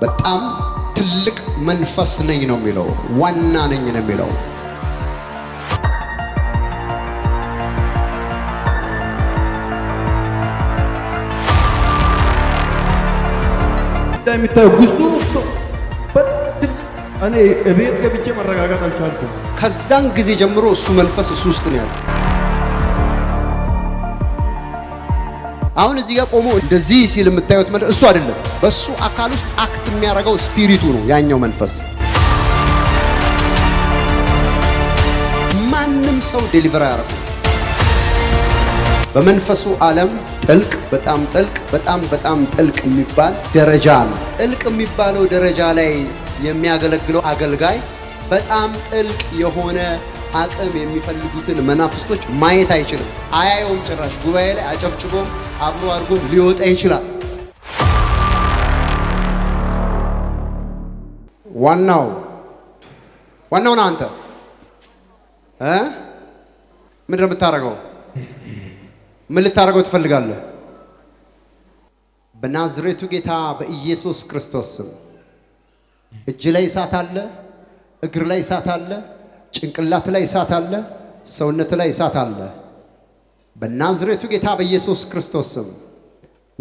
በጣም ትልቅ መንፈስ ነኝ ነው የሚለው፣ ዋና ነኝ ነው የሚለው። እንደሚታየው ግዙፍ እኔ ቤት ገብቼ መረጋጋት አልቻልኩም። ከዛን ጊዜ ጀምሮ እሱ መንፈስ እሱ ውስጥ ነው ያለው። አሁን እዚህ ጋር ቆሞ እንደዚህ ሲል የምታዩት መ እሱ አይደለም። በሱ አካል ውስጥ አክት የሚያደርገው ስፒሪቱ ነው ያኛው መንፈስ። ማንም ሰው ዴሊቨር ያደርጉ በመንፈሱ ዓለም ጥልቅ በጣም ጥልቅ በጣም በጣም ጥልቅ የሚባል ደረጃ ነው። ጥልቅ የሚባለው ደረጃ ላይ የሚያገለግለው አገልጋይ በጣም ጥልቅ የሆነ አቅም የሚፈልጉትን መናፍስቶች ማየት አይችልም። አያየውም ጭራሽ። ጉባኤ ላይ አጨብጭቦም አብሮ አድርጎ ሊወጣ ይችላል። ዋናው ዋናው ነው። አንተ ምንድን ነው የምታደርገው? ምን ልታደርገው ትፈልጋለህ? በናዝሬቱ ጌታ በኢየሱስ ክርስቶስ ስም እጅ ላይ እሳት አለ፣ እግር ላይ እሳት አለ፣ ጭንቅላት ላይ እሳት አለ፣ ሰውነት ላይ እሳት አለ። በናዝሬቱ ጌታ በኢየሱስ ክርስቶስ ስም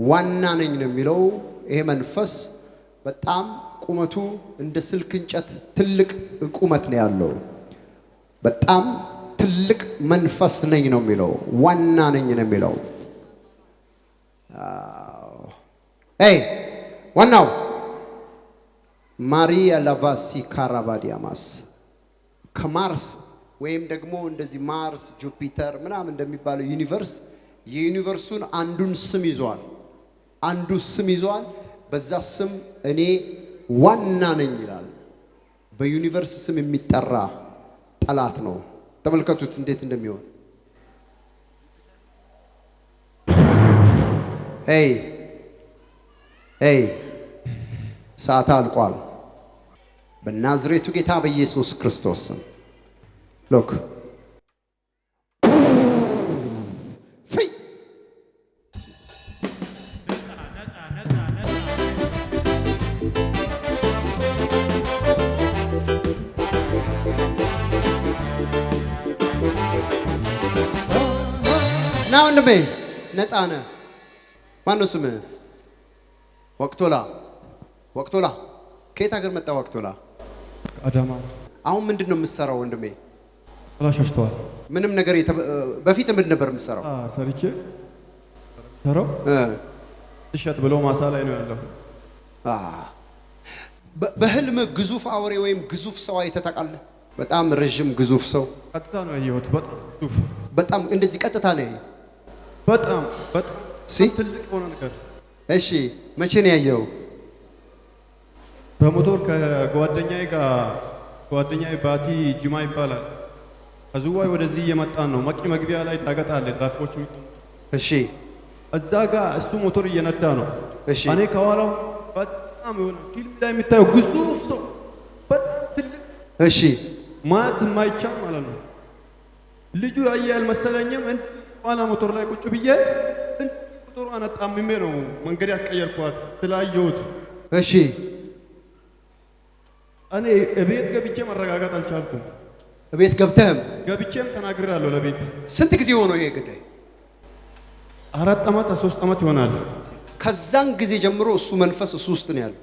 ዋና ነኝ ነው የሚለው። ይሄ መንፈስ በጣም ቁመቱ እንደ ስልክ እንጨት ትልቅ ቁመት ነው ያለው። በጣም ትልቅ መንፈስ ነኝ ነው የሚለው። ዋና ነኝ ነው የሚለው። ይ ዋናው ማሪያ ላቫሲ ካራባዲያማስ ከማርስ ወይም ደግሞ እንደዚህ ማርስ፣ ጁፒተር ምናምን እንደሚባለው ዩኒቨርስ የዩኒቨርሱን አንዱን ስም ይዟል። አንዱ ስም ይዟል። በዛ ስም እኔ ዋና ነኝ ይላል። በዩኒቨርስ ስም የሚጠራ ጠላት ነው። ተመልከቱት እንዴት እንደሚሆን ይ ይ ሰዓት አልቋል። በናዝሬቱ ጌታ በኢየሱስ ክርስቶስ ስም ሎክ Free. ና ወንድሜ ነፃነህ ማነው ስም ወቅቶላ ወቅቶላ። ከየት ሀገር መጣ ወቅቶላ? አዳማ። አሁን ምንድን ነው የምትሰራው ወንድሜ? ተላሻሽተዋል። ምንም ነገር በፊት ምን ነበር የምትሰራው? ሰርቼ ሰራው ትሸጥ ብለው ማሳ ላይ ነው ያለው። በህልም ግዙፍ አውሬ ወይም ግዙፍ ሰው አይተህ ታውቃለህ? በጣም ረዥም ግዙፍ ሰው ቀጥታ ነው ያየሁት። በጣም በጣም እንደዚህ ቀጥታ ነው ያየሁት። በጣም በጣም ትልቅ ሆነ ነገር። እሺ መቼ ነው ያየው? በሞቶር ከጓደኛዬ ጋር ጓደኛዬ ባቲ ጅማ ይባላል ከዝዋይ ወደዚህ እየመጣን ነው። መቂ መግቢያ ላይ ታገጣለ አለ። ትራፊኮች እሺ፣ እዛ ጋ እሱ ሞቶር እየነዳ ነው። እሺ፣ እኔ ከኋላው በጣም የሆነ ፊልም ላይ የሚታየው ግዙፍ ሰው በጣም ትልቅ፣ እሺ፣ ማየት የማይቻል ማለት ነው። ልጁ ያየ አልመሰለኝም። ኋላ ሞቶር ላይ ቁጭ ብዬ ቁጥሩ አነጣምሜ ነው መንገድ ያስቀየርኳት ስላየሁት። እሺ፣ እኔ እቤት ገብቼ መረጋጋት አልቻልኩም። ቤት ገብተህም ገብቼም ተናግሬያለሁ። ለቤት ስንት ጊዜ ሆነው ይሄ ጉዳይ? አራት ዓመት ሶስት ዓመት ይሆናል። ከዛን ጊዜ ጀምሮ እሱ መንፈስ እሱ ውስጥ ነው ያለው።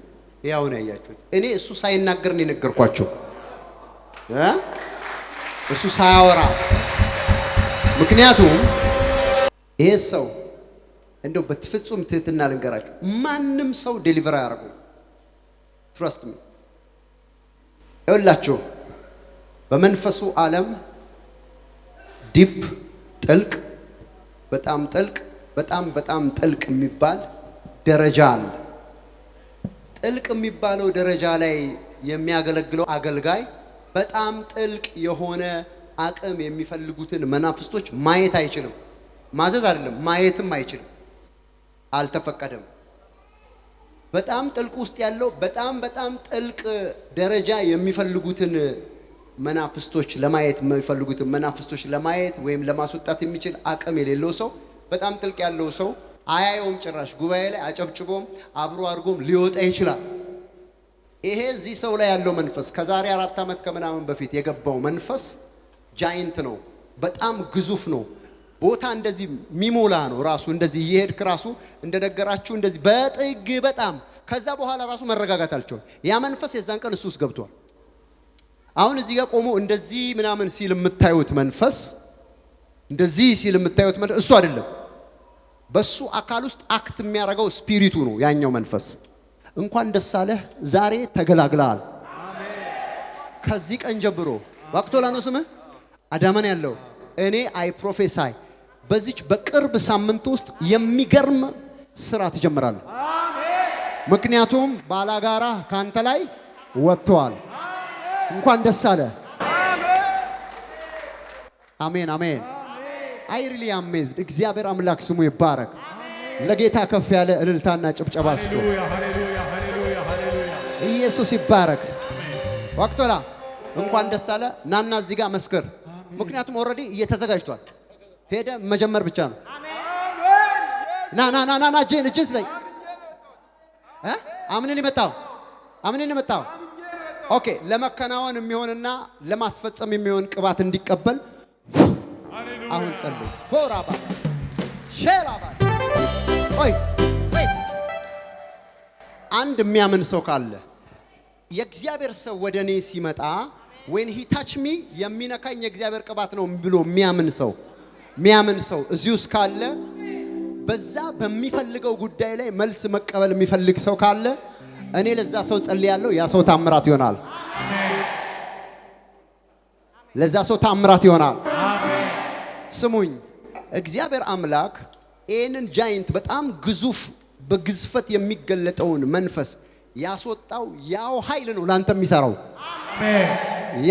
ይሄ አሁን ያያችሁት እኔ እሱ ሳይናገር ነው የነገርኳቸው፣ እሱ ሳያወራ። ምክንያቱም ይሄ ሰው እንደው በትፍጹም ትህትና ልንገራችሁ፣ ማንም ሰው ዴሊቨር አያደርጉም። ትረስት ሚ ይኸውላችሁ በመንፈሱ ዓለም ዲፕ ጥልቅ በጣም ጥልቅ በጣም በጣም ጥልቅ የሚባል ደረጃ አለ። ጥልቅ የሚባለው ደረጃ ላይ የሚያገለግለው አገልጋይ በጣም ጥልቅ የሆነ አቅም የሚፈልጉትን መናፍስቶች ማየት አይችልም። ማዘዝ አይደለም ማየትም አይችልም፣ አልተፈቀደም። በጣም ጥልቅ ውስጥ ያለው በጣም በጣም ጥልቅ ደረጃ የሚፈልጉትን መናፍስቶች ለማየት የሚፈልጉትን መናፍስቶች ለማየት ወይም ለማስወጣት የሚችል አቅም የሌለው ሰው በጣም ጥልቅ ያለው ሰው አያየውም። ጭራሽ ጉባኤ ላይ አጨብጭቦም አብሮ አድርጎም ሊወጣ ይችላል። ይሄ እዚህ ሰው ላይ ያለው መንፈስ ከዛሬ አራት ዓመት ከምናምን በፊት የገባው መንፈስ ጃይንት ነው። በጣም ግዙፍ ነው። ቦታ እንደዚህ ሚሞላ ነው። ራሱ እንደዚህ እየሄድክ ራሱ እንደነገራችሁ እንደዚህ በጥግ በጣም ከዛ በኋላ ራሱ መረጋጋት አልቻለም። ያ መንፈስ የዛን ቀን እሱ ውስጥ ገብቷል። አሁን እዚህ ጋር ቆሞ እንደዚህ ምናምን ሲል የምታዩት መንፈስ እንደዚህ ሲል የምታዩት መንፈስ እሱ አይደለም። በሱ አካል ውስጥ አክት የሚያደርገው ስፒሪቱ ነው። ያኛው መንፈስ እንኳን ደስ አለህ፣ ዛሬ ተገላግለሃል። ከዚህ ቀን ጀምሮ ዋቅቶላ ነው ስምህ አዳመን ያለው እኔ አይ ፕሮፌሳይ በዚች በቅርብ ሳምንት ውስጥ የሚገርም ስራ ትጀምራለህ። ምክንያቱም ባላጋራ ካንተ ላይ ወጥተዋል። እንኳን ደስ አለ። አሜን አሜን። አይርሊ ሪሊ አሜዝድ። እግዚአብሔር አምላክ ስሙ ይባረክ። ለጌታ ከፍ ያለ እልልታና ጭብጨባ ስጡ። ኢየሱስ ይባረክ። ዋቅቶላ እንኳን ደስ አለ። ናና እዚህ ጋር መስክር። ምክንያቱም ኦልሬዲ እየተዘጋጅቷል። ሄደ መጀመር ብቻ ነው። ና ና ና ና ጄን እጄን ስለኝ አምንን ይመጣው አምንን ይመጣው ኦኬ ለመከናወን የሚሆንና ለማስፈጸም የሚሆን ቅባት እንዲቀበል አሁን ጸልዩ። ፎራ ባ ሼራ ባ ቆይ ወይት አንድ የሚያምን ሰው ካለ የእግዚአብሔር ሰው ወደ እኔ ሲመጣ ዌን ሂ ሚ የሚነካኝ የእግዚአብሔር ቅባት ነው ብሎ የሚያምን ሰው የሚያምን ሰው እዚህ ውስጥ ካለ በዛ በሚፈልገው ጉዳይ ላይ መልስ መቀበል የሚፈልግ ሰው ካለ እኔ ለዛ ሰው ጸልያለሁ። ያ ሰው ታምራት ይሆናል። ለዛ ሰው ታምራት ይሆናል። ስሙኝ፣ እግዚአብሔር አምላክ ይህንን ጃይንት በጣም ግዙፍ በግዝፈት የሚገለጠውን መንፈስ ያስወጣው ያው ኃይል ነው ላንተ የሚሰራው።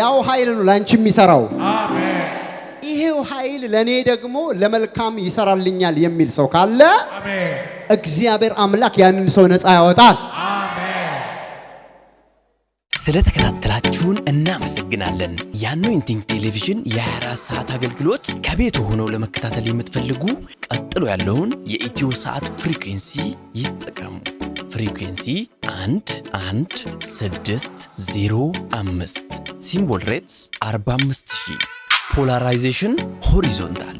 ያው ኃይል ነው ላንቺ የሚሰራው። ይሄው ኃይል ለእኔ ደግሞ ለመልካም ይሰራልኛል የሚል ሰው ካለ እግዚአብሔር አምላክ ያንን ሰው ነፃ ያወጣል። ስለተከታተላችሁን እናመሰግናለን። የአኖይንቲንግ ቴሌቪዥን የ24 ሰዓት አገልግሎት ከቤቱ ሆነው ለመከታተል የምትፈልጉ ቀጥሎ ያለውን የኢትዮ ሰዓት ፍሪኩንሲ ይጠቀሙ። ፍሪኩንሲ 1 1 6 05 ሲምቦል ሬትስ 45000 ፖላራይዜሽን ሆሪዞንታል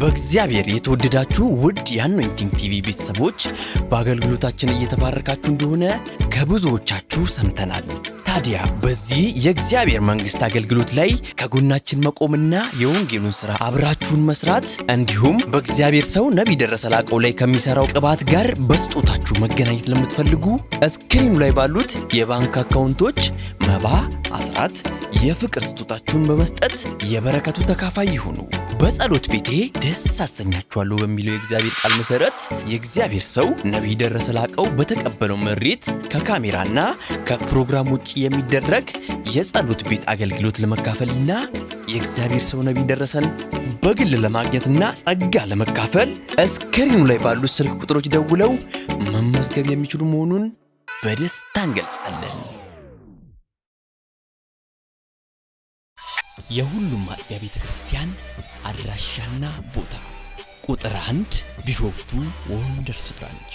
በእግዚአብሔር የተወደዳችሁ ውድ የአኖይንቲንግ ቲቪ ቤተሰቦች በአገልግሎታችን እየተባረካችሁ እንደሆነ ከብዙዎቻችሁ ሰምተናል። ታዲያ በዚህ የእግዚአብሔር መንግሥት አገልግሎት ላይ ከጎናችን መቆምና የወንጌሉን ሥራ አብራችሁን መስራት እንዲሁም በእግዚአብሔር ሰው ነቢይ ደረሰ ላቀው ላይ ከሚሠራው ቅባት ጋር በስጦታችሁ መገናኘት ለምትፈልጉ እስክሪኑ ላይ ባሉት የባንክ አካውንቶች መባ፣ አስራት፣ የፍቅር ስጦታችሁን በመስጠት የበረከቱ ተካፋይ ይሁኑ። በጸሎት ቤቴ ደስ አሰኛችኋለሁ በሚለው የእግዚአብሔር ቃል መሠረት የእግዚአብሔር ሰው ነቢይ ደረሰ ላቀው በተቀበለው መሬት ከካሜራና ከፕሮግራም ውጭ የሚደረግ የጸሎት ቤት አገልግሎት ለመካፈልና የእግዚአብሔር ሰው ነቢይ ደረሰን በግል ለማግኘትና ጸጋ ለመካፈል እስክሪኑ ላይ ባሉት ስልክ ቁጥሮች ደውለው መመዝገብ የሚችሉ መሆኑን በደስታ እንገልጻለን። የሁሉም ማጥቢያ ቤተ ክርስቲያን አድራሻና ቦታ ቁጥር አንድ ቢሾፍቱ ወንደርስ ብራንች